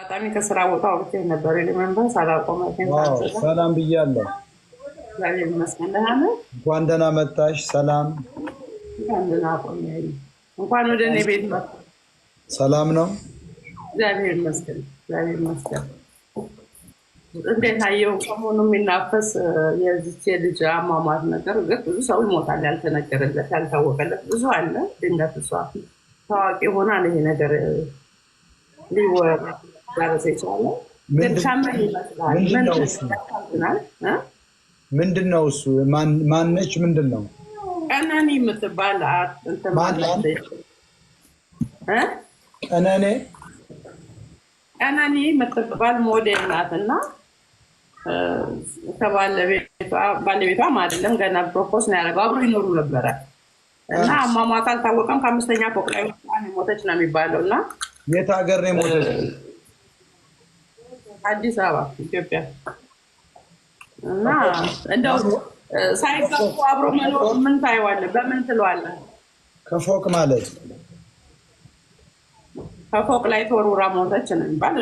አጋጣሚ ከስራ ቦታ አውርቼ ነበር። መንፈስ አላቆመ። ሰላም ብያለሁ። እንኳን ደህና መጣሽ። ሰላም እንኳን ወደ እኔ ቤት መጣ። ሰላም ነው። እግዚአብሔር ይመስገን። እግዚአብሔር ይመስገን። እንዴት አየው? ሰሞኑ የሚናፈስ የዚች ልጅ አሟሟት ነገር። እርግጥ ብዙ ሰው ይሞታል፣ ያልተነገረለት ያልታወቀለት ብዙ አለ። ድንገት እሷ ታዋቂ ሆና ይሄ ነገር ሊወራ ማረስ የቻለ ምንድን ነው እሱ? ማነች? ምንድን ነው ቀነኔ የምትባል ቀነኔ ቀነኔ የምትባል ሞዴል ናት እና ከባለቤቷም አይደለም ገና ፕሮፖዝ ነው ያደረገው። አብሮ ይኖሩ ነበረ እና አሟሟት አልታወቀም። ከአምስተኛ ፎቅ ላይ ሞተች ነው የሚባለው እና የት ሀገር ነው የሞተች? አዲስ አበባ ኢትዮጵያ እና እንደው ሳይጋቡ አብሮ መኖር ምን ታይዋለህ? በምን ትለዋለህ? ከፎቅ ማለት ከፎቅ ላይ ተወርውራ ሞተች ነው የሚባል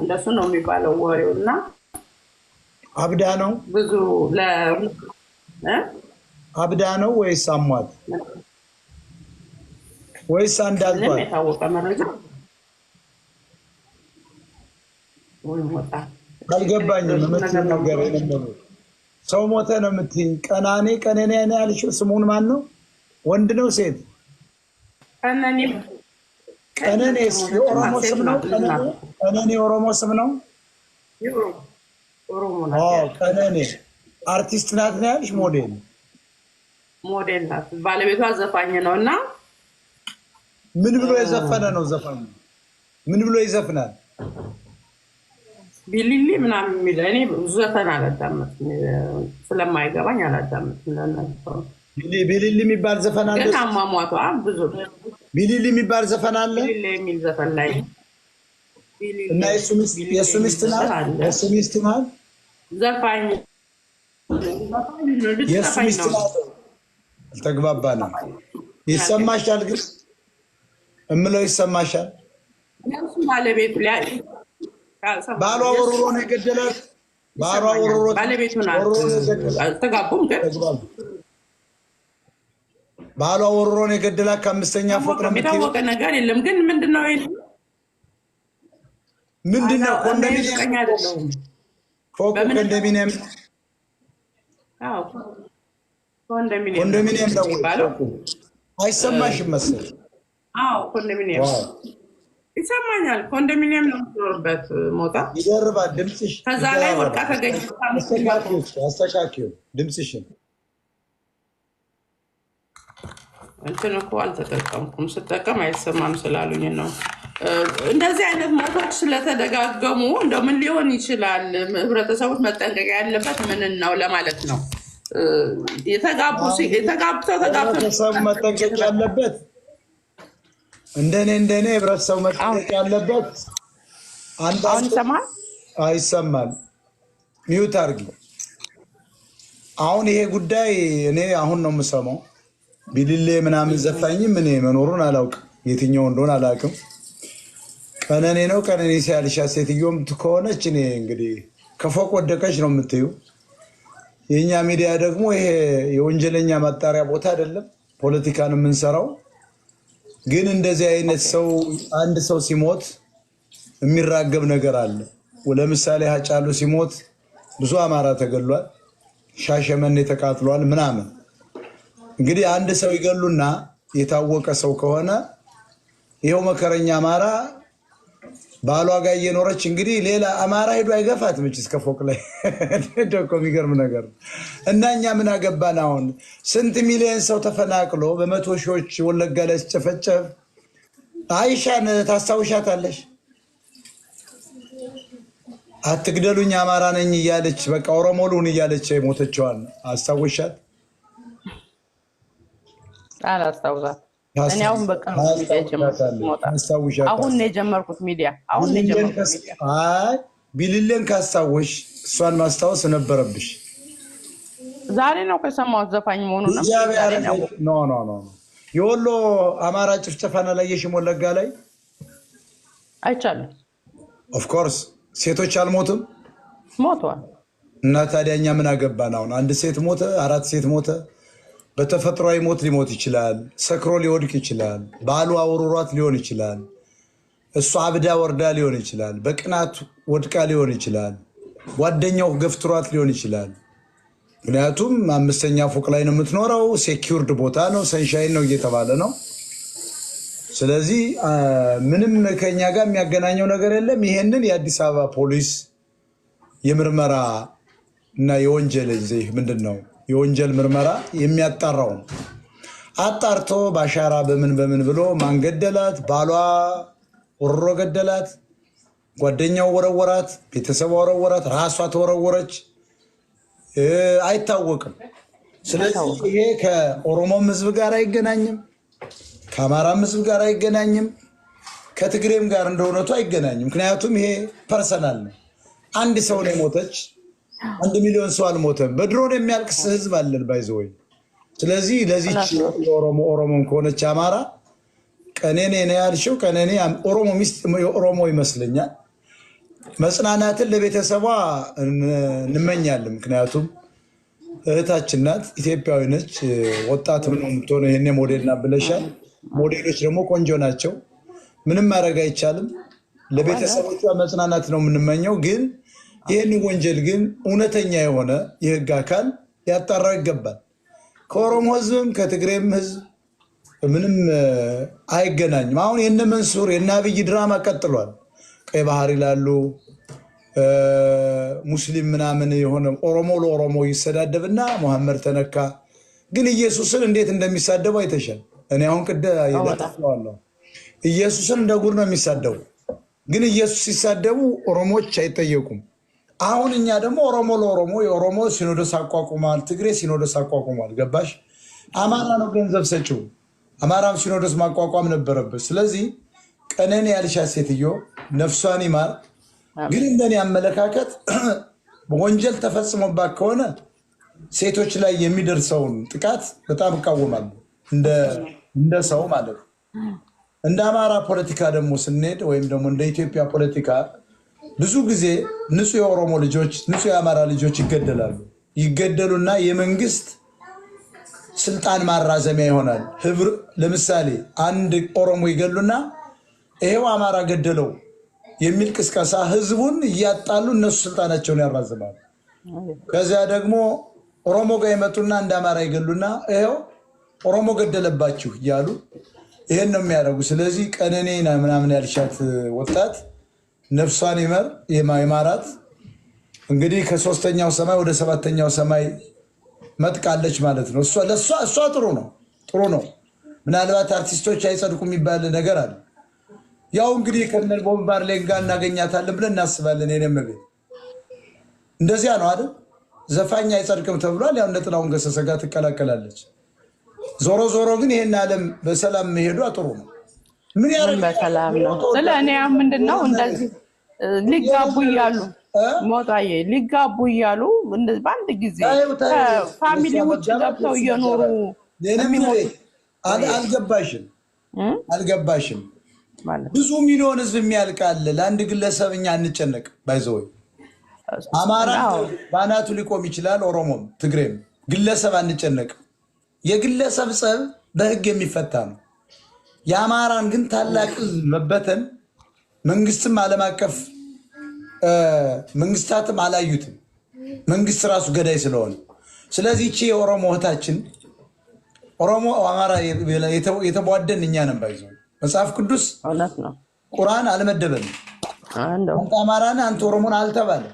እንደሱ ነው የሚባለው ወሬው እና አብዳ ነው ብዙ አብዳ ነው ወይስ አሟት ወይስ አንዳልቷል የታወቀ መረጃ አልገባኝም። የምትናገር ሰው ሞተ ነው የምትይኝ? ቀናኔ ቀነኔ ያልሽው ስሙን ማን ነው? ወንድ ነው ሴት? ቀነኔ የኦሮሞ ስም ነው። ቀነኔ የኦሮሞ ስም ነው። ቀነኔ አርቲስት ናት ነው ያልሽ? ሞዴል ሞዴል ናት። ባለቤቷ ዘፋኝ ነው እና ምን ብሎ የዘፈነ ነው? ዘፋኝ ምን ብሎ ይዘፍናል? ቢሊሊ ምናምን የሚል እኔ ብዙ ዘፈን አላዳመጥም፣ ስለማይገባኝ አላዳመጥም። ቢሊሊ የሚባል ዘፈን አለ። ግን አሟሟቱ ብዙ ቢሊሊ የሚባል ዘፈን አለ የሚል ዘፈን ላይ እና የእሱ ሚስት ናት። የእሱ ሚስት ናት ዘፋኝ የእሱ ሚስት ናት። አልተግባባንም። ይሰማሻል? ግን እምለው ይሰማሻል? ባለቤቱ ባሏ ወሮሮ ነው የገደላት። ባሏ ወሮሮ ባለቤቱ አልተጋቡም፣ ግን ባሏ ወሮሮ ነው የገደላት። ከአምስተኛ ፎቅ ነው የታወቀ ነገር የለም። ግን ምንድነው ምንድነው ኮንዶሚኒየም ፎቅ ኮንዶሚኒየም ኮንዶሚኒየም ነው አይሰማሽም መሰለኝ። አዎ ኮንዶሚኒየም ይሰማኛል። ኮንዶሚኒየም ነው የምትኖርበት። ሞጣ ይደርባል ድምፅሽ። ከዛ ላይ ወርቃ ተገኝ። አስተካኪው ድምፅሽን እንትን እኮ አልተጠቀምኩም። ስጠቀም አይሰማም ስላሉኝ ነው። እንደዚህ አይነት ሞቶች ስለተደጋገሙ እንደው ምን ሊሆን ይችላል? ህብረተሰቦች መጠንቀቅ ያለበት ምንን ነው ለማለት ነው። የተጋቡ ተጋብተው ተጋብተው መጠንቀቅ ያለበት እንደኔ እንደኔ ህብረተሰቡ መጠየቅ ያለበት ይሰማል አይሰማል? ሚዩት አድርጊ። አሁን ይሄ ጉዳይ እኔ አሁን ነው የምሰማው። ቢልሌ ምናምን ዘፋኝም እኔ መኖሩን አላውቅም፣ የትኛው እንደሆን አላውቅም። ቀነኔ ነው ቀነኔ ሲያልሻ ሴትዮም ከሆነች እኔ እንግዲህ ከፎቅ ወደቀች ነው የምትዩ። የእኛ ሚዲያ ደግሞ ይሄ የወንጀለኛ ማጣሪያ ቦታ አይደለም፣ ፖለቲካን የምንሰራው ግን እንደዚህ አይነት ሰው አንድ ሰው ሲሞት የሚራገብ ነገር አለ። ለምሳሌ ሀጫሉ ሲሞት ብዙ አማራ ተገሏል፣ ሻሸመኔ ተቃጥሏል ምናምን። እንግዲህ አንድ ሰው ይገሉና የታወቀ ሰው ከሆነ ይኸው መከረኛ አማራ ባሏ ጋር እየኖረች እንግዲህ ሌላ አማራ ሄዶ አይገፋት ምች እስከ ፎቅ ላይ ደኮ የሚገርም ነገር ነው። እና እኛ ምን አገባን? አሁን ስንት ሚሊዮን ሰው ተፈናቅሎ በመቶ ሺዎች ወለጋ ላይ ሲጨፈጨፍ አይሻን ታስታውሻታለሽ? አትግደሉኝ አማራ ነኝ እያለች በቃ ኦሮሞ ልሁን እያለች ሞተችዋል አስታውሻት አላስታውሳት እኔ አሁን በቃ አሁን ነው የጀመርኩት ሚዲያ። አሁን ቢልለን ካስታወሽ እሷን ማስታወስ ነበረብሽ። ዛሬ ነው ከሰማሁት ዘፋኝ መሆኑን ነው። የወሎ አማራ ጭፍጨፋና ላይ የሽሞለጋ ላይ አይቻልም። ኦፍኮርስ ሴቶች አልሞትም፣ ሞተዋል። እና ታዲያ እኛ ምን አገባን? አሁን አንድ ሴት ሞተ፣ አራት ሴት ሞተ በተፈጥሯዊ ሞት ሊሞት ይችላል። ሰክሮ ሊወድቅ ይችላል። ባሉ አውሮሯት ሊሆን ይችላል። እሷ አብዳ ወርዳ ሊሆን ይችላል። በቅናት ወድቃ ሊሆን ይችላል። ጓደኛው ገፍትሯት ሊሆን ይችላል። ምክንያቱም አምስተኛ ፎቅ ላይ ነው የምትኖረው። ሴኪውርድ ቦታ ነው፣ ሰንሻይን ነው እየተባለ ነው። ስለዚህ ምንም ከኛ ጋር የሚያገናኘው ነገር የለም። ይሄንን የአዲስ አበባ ፖሊስ የምርመራ እና የወንጀል ምንድን ነው የወንጀል ምርመራ የሚያጣራው ነው። አጣርቶ ባሻራ በምን በምን ብሎ ማን ገደላት፣ ባሏ ወሮ ገደላት፣ ጓደኛው ወረወራት፣ ቤተሰብ ወረወራት፣ ራሷ ተወረወረች፣ አይታወቅም። ስለዚህ ይሄ ከኦሮሞም ህዝብ ጋር አይገናኝም፣ ከአማራም ህዝብ ጋር አይገናኝም፣ ከትግሬም ጋር እንደእውነቱ አይገናኝም። ምክንያቱም ይሄ ፐርሰናል ነው። አንድ ሰው ነው የሞተች አንድ ሚሊዮን ሰው አልሞተም። በድሮን የሚያልቅስ ህዝብ አለን ባይዘ ስለዚህ ለዚች ኦሮሞ ኦሮሞም ከሆነች አማራ ቀኔኔ ነው ያልሽው። ቀኔኔ ኦሮሞ ሚስት የኦሮሞ ይመስለኛል። መጽናናትን ለቤተሰቧ እንመኛለን። ምክንያቱም እህታችን ናት፣ ኢትዮጵያዊ ነች፣ ወጣት ነው የምትሆነ። ይህኔ ሞዴል ናት ብለሻል። ሞዴሎች ደግሞ ቆንጆ ናቸው። ምንም ማድረግ አይቻልም። ለቤተሰቦቿ መጽናናት ነው የምንመኘው ግን ይህን ወንጀል ግን እውነተኛ የሆነ የህግ አካል ሊያጣራ ይገባል። ከኦሮሞ ህዝብም ከትግሬም ህዝብ ምንም አይገናኝም። አሁን የነ መንሱር የነ አብይ ድራማ ቀጥሏል። ቀይ ባህር ይላሉ ሙስሊም ምናምን የሆነ ኦሮሞ ለኦሮሞ ይሰዳደብና መሐመድ ተነካ። ግን ኢየሱስን እንዴት እንደሚሳደቡ አይተሻል። እኔ አሁን ቅደ ይለዋለሁ ኢየሱስን እንደ ጉድ ነው የሚሳደቡ። ግን ኢየሱስ ሲሳደቡ ኦሮሞዎች አይጠየቁም። አሁን እኛ ደግሞ ኦሮሞ ለኦሮሞ የኦሮሞ ሲኖዶስ አቋቁሟል፣ ትግሬ ሲኖዶስ አቋቁሟል። ገባሽ? አማራ ነው ገንዘብ ሰጪው። አማራም ሲኖዶስ ማቋቋም ነበረበት። ስለዚህ ቀነኔ ያልሻት ሴትዮ ነፍሷን ይማር። ግን እንደኔ አመለካከት ወንጀል ተፈጽሞባት ከሆነ ሴቶች ላይ የሚደርሰውን ጥቃት በጣም እቃወማሉ፣ እንደ ሰው ማለት ነው። እንደ አማራ ፖለቲካ ደግሞ ስንሄድ ወይም ደግሞ እንደ ኢትዮጵያ ፖለቲካ ብዙ ጊዜ ንጹህ የኦሮሞ ልጆች፣ ንጹህ የአማራ ልጆች ይገደላሉ። ይገደሉና የመንግስት ስልጣን ማራዘሚያ ይሆናል። ህብር ለምሳሌ አንድ ኦሮሞ ይገሉና ይሄው አማራ ገደለው የሚል ቅስቀሳ ህዝቡን እያጣሉ እነሱ ስልጣናቸውን ያራዝማሉ። ከዚያ ደግሞ ኦሮሞ ጋር ይመጡና እንደ አማራ ይገሉና ይኸው ኦሮሞ ገደለባችሁ እያሉ ይሄን ነው የሚያደርጉ። ስለዚህ ቀነኔ ምናምን ያልሻት ወጣት ነፍሷን ይመር የማራት እንግዲህ ከሶስተኛው ሰማይ ወደ ሰባተኛው ሰማይ መጥቃለች ማለት ነው። እሷ ጥሩ ነው ጥሩ ነው። ምናልባት አርቲስቶች አይጸድቁ የሚባል ነገር አለ። ያው እንግዲህ ከነል ቦምባር ላይ ጋር እናገኛታለን ብለን እናስባለን። የኔም እንደዚያ ነው አይደል? ዘፋኝ አይጸድቅም ተብሏል። ያው እነ ጥላሁን ገሰሰ ጋር ትቀላቀላለች። ዞሮ ዞሮ ግን ይሄን ዓለም በሰላም መሄዷ ጥሩ ነው። ምን ስለ እኔ ያ ምንድን ነው እንደዚህ ሊጋቡ እያሉ ሞጣዬ ሊጋቡ እያሉ በአንድ ጊዜ ፋሚሊ ውጭ ገብተው እየኖሩ አልገባሽም አልገባሽም። ብዙ ሚሊዮን ህዝብ የሚያልቃል። ለአንድ ግለሰብ እኛ እንጨነቅ ባይዘወይ አማራ በአናቱ ሊቆም ይችላል። ኦሮሞም፣ ትግሬም ግለሰብ አንጨነቅ። የግለሰብ ጸብ በህግ የሚፈታ ነው። የአማራን ግን ታላቅ ህዝብ መበተን መንግስትም ዓለም አቀፍ መንግስታትም አላዩትም። መንግስት ራሱ ገዳይ ስለሆነ ስለዚህ ይቺ የኦሮሞ እህታችን ኦሮሞ አማራ የተቧደን እኛ ነን። ባይዞ መጽሐፍ ቅዱስ ቁርአን አልመደበንም። አንተ አማራን አንተ ኦሮሞን አልተባለ።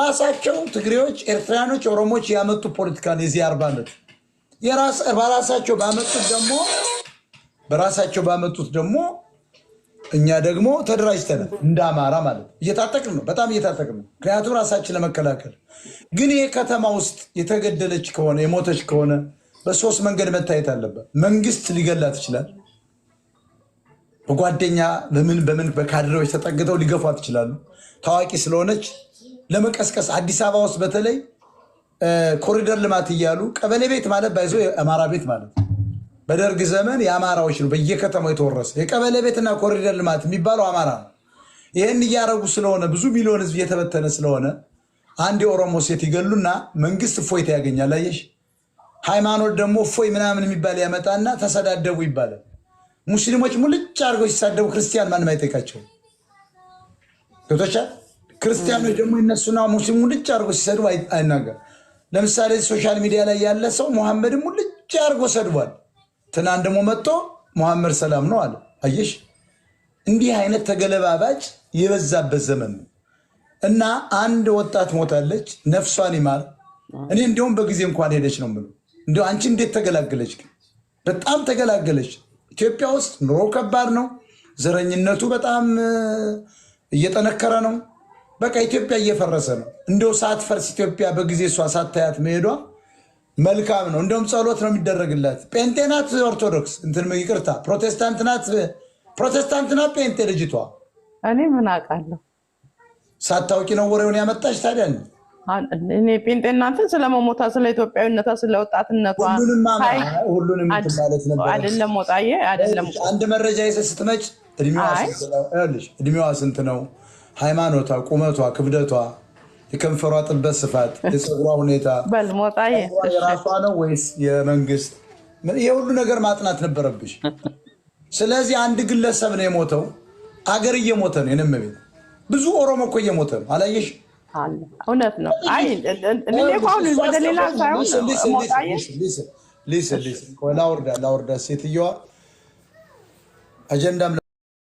ራሳቸው ትግሬዎች፣ ኤርትራያኖች፣ ኦሮሞች ያመጡ ፖለቲካ የዚህ አርባ ዓመት በራሳቸው ባመጡት ደግሞ በራሳቸው ባመጡት ደግሞ እኛ ደግሞ ተደራጅተናል እንደ አማራ ማለት እየታጠቅን ነው፣ በጣም እየታጠቅን ነው። ምክንያቱም ራሳችን ለመከላከል ግን ይህ ከተማ ውስጥ የተገደለች ከሆነ የሞተች ከሆነ በሶስት መንገድ መታየት አለበት። መንግስት ሊገላት ይችላል። በጓደኛ በምን በምን በካድሬዎች ተጠግተው ሊገፏት ይችላሉ። ታዋቂ ስለሆነች ለመቀስቀስ አዲስ አበባ ውስጥ በተለይ ኮሪደር ልማት እያሉ ቀበሌ ቤት ማለት ባይዞ የአማራ ቤት ማለት ነው በደርግ ዘመን የአማራዎች ነው በየከተማው የተወረሰ የቀበሌ ቤትና ኮሪደር ልማት የሚባለው አማራ ነው። ይህን እያደረጉ ስለሆነ ብዙ ሚሊዮን ህዝብ እየተበተነ ስለሆነ አንድ የኦሮሞ ሴት ይገሉና መንግስት እፎይታ ያገኛል። አየሽ፣ ሃይማኖት ደግሞ እፎይ ምናምን የሚባል ያመጣና ተሰዳደቡ ይባላል። ሙስሊሞች ሙልጭ አድርገው ሲሳደቡ ክርስቲያን ማንም አይጠይቃቸውም። ገብቶሻል? ክርስቲያኖች ደግሞ ይነሱና ሙስሊም ሙልጭ አድርጎ ሲሰድቡ አይናገር። ለምሳሌ ሶሻል ሚዲያ ላይ ያለ ሰው ሙሐመድን ሙልጭ አድርጎ ሰድቧል። ትናንት ደግሞ መጥቶ መሐመድ ሰላም ነው አለ። አየሽ እንዲህ አይነት ተገለባባጭ የበዛበት ዘመን ነው እና አንድ ወጣት ሞታለች፣ ነፍሷን ይማር። እኔ እንዲሁም በጊዜ እንኳን ሄደች ነው የምለው። እንዲ አንቺ እንዴት ተገላገለች? በጣም ተገላገለች። ኢትዮጵያ ውስጥ ኑሮ ከባድ ነው፣ ዘረኝነቱ በጣም እየጠነከረ ነው። በቃ ኢትዮጵያ እየፈረሰ ነው። እንደው ሳትፈርስ ኢትዮጵያ በጊዜ እሷ ሳታያት መሄዷ መልካም ነው። እንደውም ጸሎት ነው የሚደረግላት። ጴንጤ ናት ኦርቶዶክስ፣ እንትን ይቅርታ፣ ፕሮቴስታንት ናት። ፕሮቴስታንት ናት ጴንጤ ልጅቷ። እኔ ምን አውቃለሁ? ሳታውቂ ነው ወሬውን ያመጣች። ታዲያ እኔ ጴንጤ ስለመሞታ፣ ስለ ኢትዮጵያዊነቷ፣ ስለ ወጣትነቷ ሁሉንም ማለት ነበር። አይደለም አይደለም አንድ መረጃ ይዘሽ ስትመጭ እድሜዋ ስንት ነው፣ ሃይማኖቷ፣ ቁመቷ፣ ክብደቷ የከንፈሯ ጥበት ስፋት፣ የፀጉሯ ሁኔታ የራሷ ነው ወይስ የመንግስት? የሁሉ ነገር ማጥናት ነበረብሽ። ስለዚህ አንድ ግለሰብ ነው የሞተው፣ አገር እየሞተ ነው። የንም ቤት ብዙ ኦሮሞ እኮ እየሞተ ነው። አላየሽ? እውነት ነው። ወደ ሌላ ሳይሆን ላውርዳ ላውርዳ ሴትየዋ አጀንዳም